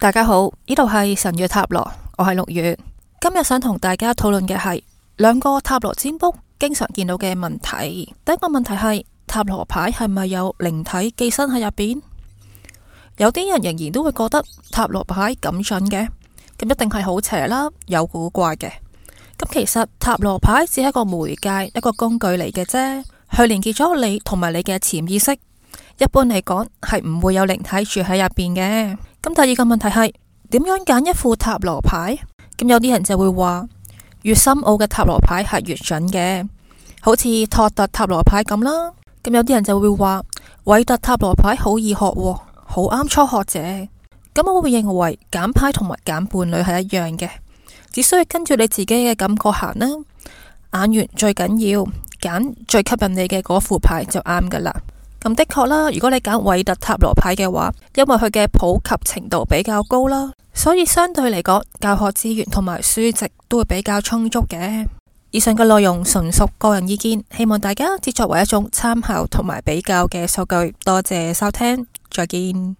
大家好，呢度係晨月塔羅，我係六月。今日想同大家討論嘅係兩個塔羅占卜經常見到嘅問題。第一個問題係塔羅牌係咪有靈體寄生喺入邊？有啲人仍然都會覺得塔羅牌咁準嘅，咁一定係好邪啦，有古怪嘅。咁其實塔羅牌只係一個媒介，一個工具嚟嘅啫。佢連結咗你同埋你嘅潛意識，一般嚟講係唔會有靈體住喺入邊嘅。咁第二個問題係點樣揀一副塔羅牌？咁、嗯、有啲人就會話越深奧嘅塔羅牌係越準嘅，好似托特塔羅牌咁啦。咁、嗯、有啲人就會話韋特塔羅牌好易學喎，好啱初學者。咁、嗯、我會認為揀牌同埋揀伴侶係一樣嘅，只需要跟住你自己嘅感覺行啦。眼緣最緊要，揀最吸引你嘅嗰副牌就啱噶啦。咁的確啦，如果你揀韋特塔羅牌嘅話，因為佢嘅普及程度比較高啦，所以相對嚟講，教學資源同埋書籍都會比較充足嘅。以上嘅內容純屬個人意見，希望大家只作為一種參考同埋比較嘅數據。多謝收聽，再見。